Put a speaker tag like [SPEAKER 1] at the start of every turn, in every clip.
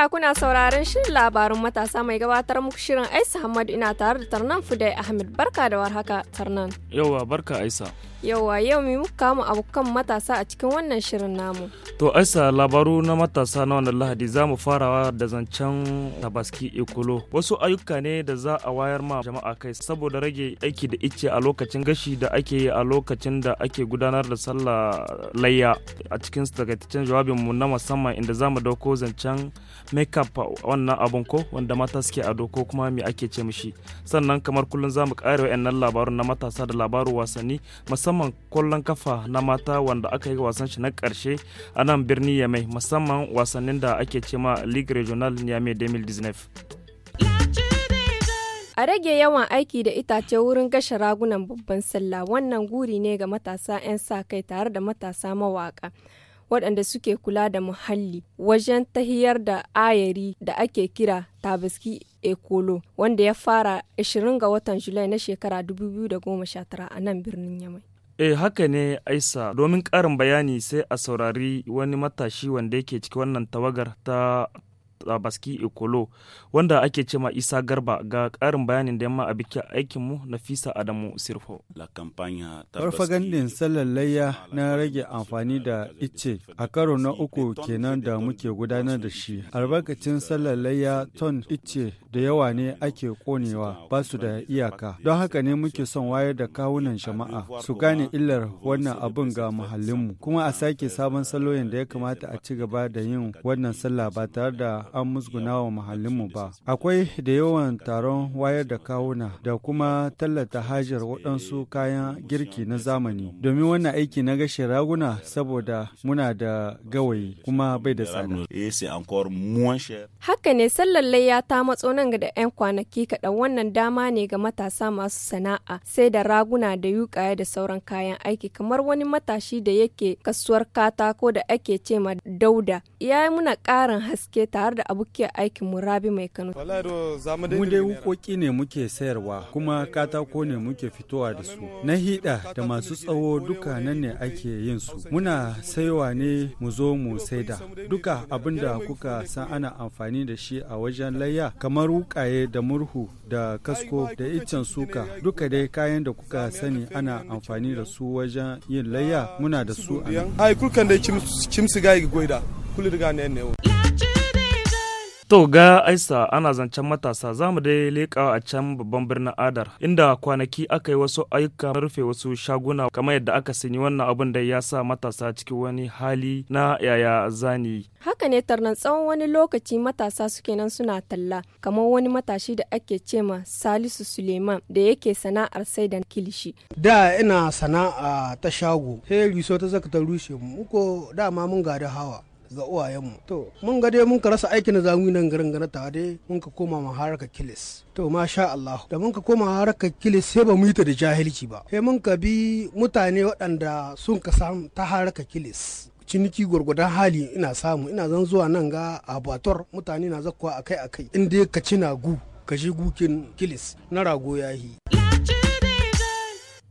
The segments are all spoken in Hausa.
[SPEAKER 1] haka kuna sauraron shirin labarin matasa mai gabatar muku shirin Aisa Hamadu ina tare da Tarnan Fudai Ahmed barka da warhaka Tarnan.
[SPEAKER 2] Yauwa barka Aisa.
[SPEAKER 1] Yauwa yau mu muka mu abokan matasa a cikin wannan shirin namu.
[SPEAKER 2] To Aisa labaru na matasa na wannan Lahadi za mu farawa da zancen tabaski ikulo. Wasu ayyuka ne da za a wayar ma jama'a kai saboda rage aiki da ice a lokacin gashi da ake yi a lokacin da ake gudanar da sallah layya a cikin takaitaccen jawabinmu na musamman inda za mu dauko zancen makeup wannan abun ko wanda mata suke ado ko kuma me ake ce mishi sannan kamar kullum za mu ƙara wa'annan labarun na matasa da labarun wasanni musamman kwallon kafa na mata wanda aka yi wasan shi na ƙarshe a nan birni yamai musamman wasannin da ake ce ma league regional niamey 2019
[SPEAKER 1] A rage yawan aiki da itace wurin gashe ragunan babban sallah wannan guri ne ga matasa 'yan sa kai tare da matasa mawaka. waɗanda suke kula da muhalli wajen tahiyar da ayari da ake kira tabaski ekolo wanda ya fara 20 ga watan julai na shekara 2019 a nan birnin yamai
[SPEAKER 2] e haka ne Aisa domin ƙarin bayani sai a saurari wani matashi wanda yake ciki wannan tawagar ta baski ikolo wanda ake cema isa garba ga ƙarin bayanin da yamma a bikin aikinmu na fisa adamu sirfo farfagandin
[SPEAKER 3] sallallayya na rage amfani da ice a karo na uku kenan da muke gudanar da shi albarkacin sallallayya ton ice da yawa ne ake konewa ba su da iyaka don haka ne muke son wayar da kawunan jama'a su gane illar wannan abin ga muhallinmu kuma a sake sabon saloyin da ya kamata a ci gaba da yin wannan sallah ba tare da an musguna wa muhallinmu ba. Akwai da yawan taron wayar da kawuna da kuma tallata hajar waɗansu kayan girki na zamani. Domin wannan aiki na gashin raguna saboda muna da gawayi kuma bai da tsada.
[SPEAKER 1] Haka ne sallar ya ta matso nan ga da 'yan kwanaki kaɗan wannan dama ne ga matasa masu sana'a sai da raguna da yuƙaya da sauran kayan aiki kamar wani matashi da yake kasuwar katako da ake ce ma dauda. Ya muna ƙarin haske tare da da abokiyar aikin mu Rabi mai Kano.
[SPEAKER 3] Mu dai wukoki ne muke sayarwa kuma katako ne muke fitowa da su. Na hida da masu tsawo duka nan ne ake yin su. Muna saiwa ne mu zo mu saida. Duka abin da kuka san ana amfani da shi a wajen layya kamar wukaye da murhu da kasko da iccen suka duka dai kayan da kuka sani ana amfani da su wajen yin layya muna da su a nan.
[SPEAKER 2] To ga Aisa ana zancen matasa za mu dai leƙa a can babban birnin Adar inda kwanaki aka yi wasu ayyuka rufe wasu shaguna kamar yadda aka sanyi wannan abin da ya sa matasa cikin wani hali na yaya zani.
[SPEAKER 1] Haka ne tarnan tsawon wani lokaci matasa suke nan suna talla kamar wani matashi da ake ce ma Salisu Suleiman da yake sana'ar sai da kilishi.
[SPEAKER 3] Da ina sana'a ta shago sai riso ta zaka ta rushe mu ko dama mun gada hawa ga uwayenmu to mun ga dai mun ka rasa aikin da zamu yi nan garin gana ta dai mun ka koma ma haraka kilis to masha Allah da mun ka koma haraka kilis sai ba mu yi ta da jahilci ba sai mun ka bi mutane waɗanda sun ka samu ta haraka kilis ciniki gwargwadon hali ina samu ina zan zuwa nan ga abator mutane na zakkuwa akai akai inda ka ci na gu ka shi gukin kilis na rago yahi.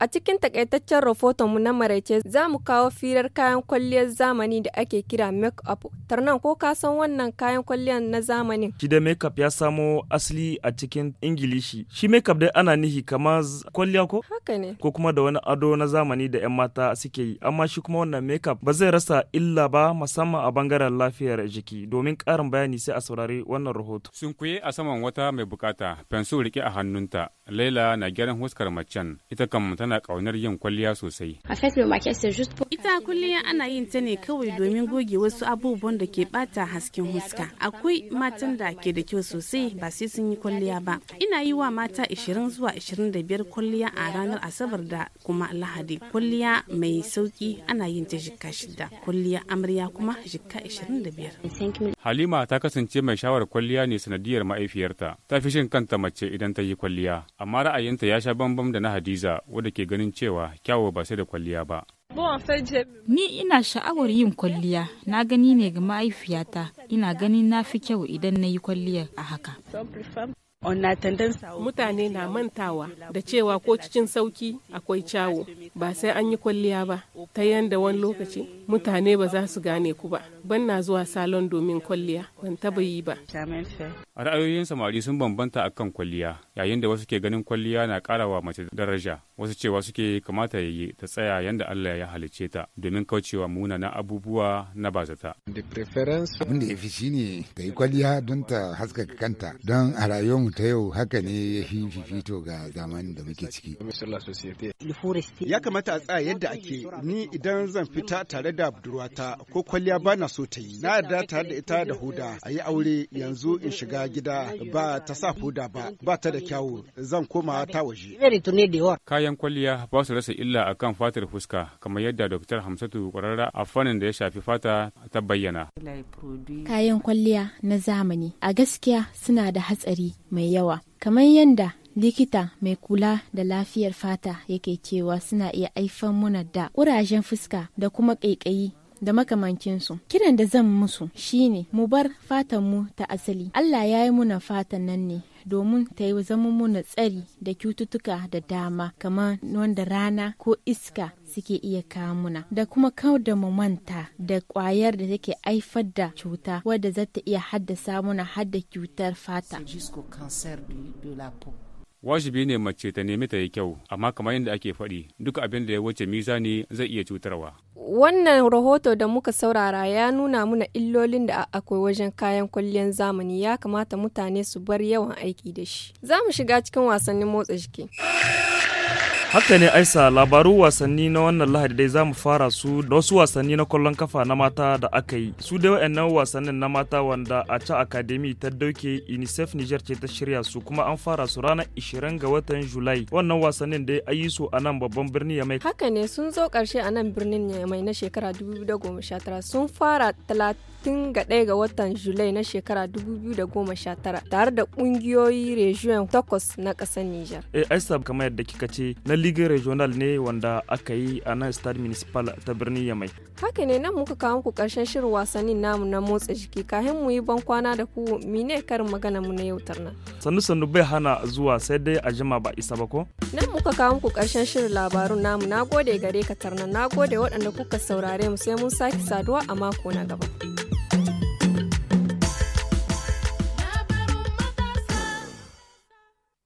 [SPEAKER 1] A cikin takaitaccen rahotonmu na maraice za mu kawo firar kayan kwalliyar zamani da ake kira make-up. Tarnan ko ka san wannan kayan kwalliyar na zamani.
[SPEAKER 2] Shi da make-up ya samo asali a cikin Ingilishi. Shi make-up dai ana nihi kamar kwalliya ko? Haka ne. Ko kuma da wani ado na zamani da 'yan mata suke yi. Amma shi kuma wannan make-up ba zai rasa illa ba musamman a bangaren lafiyar jiki. Domin karin bayani sai a saurari
[SPEAKER 4] wannan rahoto. sun Sunkuye a saman wata mai bukata, fensu rike a hannunta. Laila na gyaran huskar macen. Ita kan tana ƙaunar yin kwalliya sosai.
[SPEAKER 1] Kwalliya kullum ana yin ta ne kawai domin goge wasu abubuwan da ke bata hasken huska. Akwai matan da ke da kyau sosai ba sai sun yi kwalliya ba. Ina yi wa mata 20 zuwa 25 kwalliya a ranar Asabar da kuma Lahadi. Kwalliya mai sauki ana yin ta jikka shida. Kwalliya amarya kuma jikka 25.
[SPEAKER 4] Halima ta kasance mai shawar kwalliya ne sanadiyar ma'aifiyarta. Ta fi shin kanta mace idan ta yi kwalliya. Amma ra'ayinta ya sha bambam da na Hadiza wadda ke ganin cewa kyawu ba sai da kwalliya ba.
[SPEAKER 1] Ni ina sha'awar yin kwalliya, na gani ne ga mahaifiyata, ina ganin na fi kyau idan na yi kwalliya a haka. Mutane na mantawa da cewa ko cikin sauki akwai cawo, ba sai an yi kwalliya ba, ta yanda wani lokaci mutane ba za su gane ku ba. ban na zuwa salon domin kwalliya ban taba yi ba
[SPEAKER 4] ra'ayoyin samari sun bambanta akan kwalliya yayin da wasu ke ganin kwalliya na karawa mace daraja wasu cewa suke kamata yi ta tsaya yanda Allah ya halicce ta domin kaucewa muna na abubuwa na bazata abin da ya fi ne ta yi kwalliya don ta haskaka kanta don a ta yau haka ne ya fi fifito ga zamanin da muke
[SPEAKER 3] ciki ya kamata a tsaya yadda ake ni idan zan fita tare da budurwata ko kwalliya bana so so ta yi na yarda tare da ita da huda a yi aure yanzu in shiga gida ba ta sa huda ba ba ta da kyawu zan koma ta waje
[SPEAKER 4] kayan kwalliya ba su rasa illa a kan fatar fuska kamar yadda Dr. Hamsatu kwararra a fannin da ya shafi fata ta bayyana
[SPEAKER 1] kayan kwalliya na zamani a gaskiya suna da hatsari mai yawa kamar yadda likita mai kula da lafiyar fata yake cewa suna iya haifar muna da ƙurajen fuska da kuma ƙaiƙayi da makamancinsu. Kiran da zan musu shine mu bar fatanmu ta asali. Allah ya yi muna fatan nan ne domin ta yi zama muna tsari da cututtuka da dama kamar wanda rana ko iska suke iya kamuna da kuma kawar da manta da kwayar da take haifar da cuta wadda za ta iya haddasa muna hadda cutar fata.
[SPEAKER 4] wajibi ne mace ta nemi ta yi kyau amma kamar yadda ake faɗi duk abin da ya wuce mizani zai iya cutarwa
[SPEAKER 1] wannan rahoto da muka saurara ya nuna muna illolin da akwai wajen kayan kwalliyar zamani ya kamata mutane su bar yawan aiki da shi za mu shiga cikin wasannin motsa jiki
[SPEAKER 2] Haka ne Aisa labaru wasanni na wannan Lahadi dai za mu fara su da wasu wasanni na kwallon kafa na mata da aka yi. Su dai wa'annan wasannin na mata wanda a ca Academy ta dauke UNICEF Niger ce ta shirya su kuma an fara su ranar 20 ga watan Julai. Wannan wasannin dai a yi su a nan babban birnin ya mai.
[SPEAKER 1] Haka ne sun zo karshe a nan birnin ya mai na shekara 2019 sun fara tun ga ɗaya ga watan Julai na shekara 2019 tare da ƙungiyoyi region takwas na ƙasar Nijar.
[SPEAKER 2] e eh, aisa kamar yadda kika ce na Ligue Regional ne wanda aka yi a nan Stade Municipal ta birnin Yamai.
[SPEAKER 1] Haka ne nan muka kawo muku ƙarshen shirin wasannin namu na motsa jiki kafin mu yi ban kwana da ku mine karin magana mu na yau tarna.
[SPEAKER 2] Sannu sannu bai hana zuwa sai dai a jima ba isa ba ko?
[SPEAKER 1] Nan muka kawo muku ƙarshen shirin labarun namu na gode gare ka tarna na gode waɗanda kuka saurare mu sai mun sake saduwa a mako na gaba.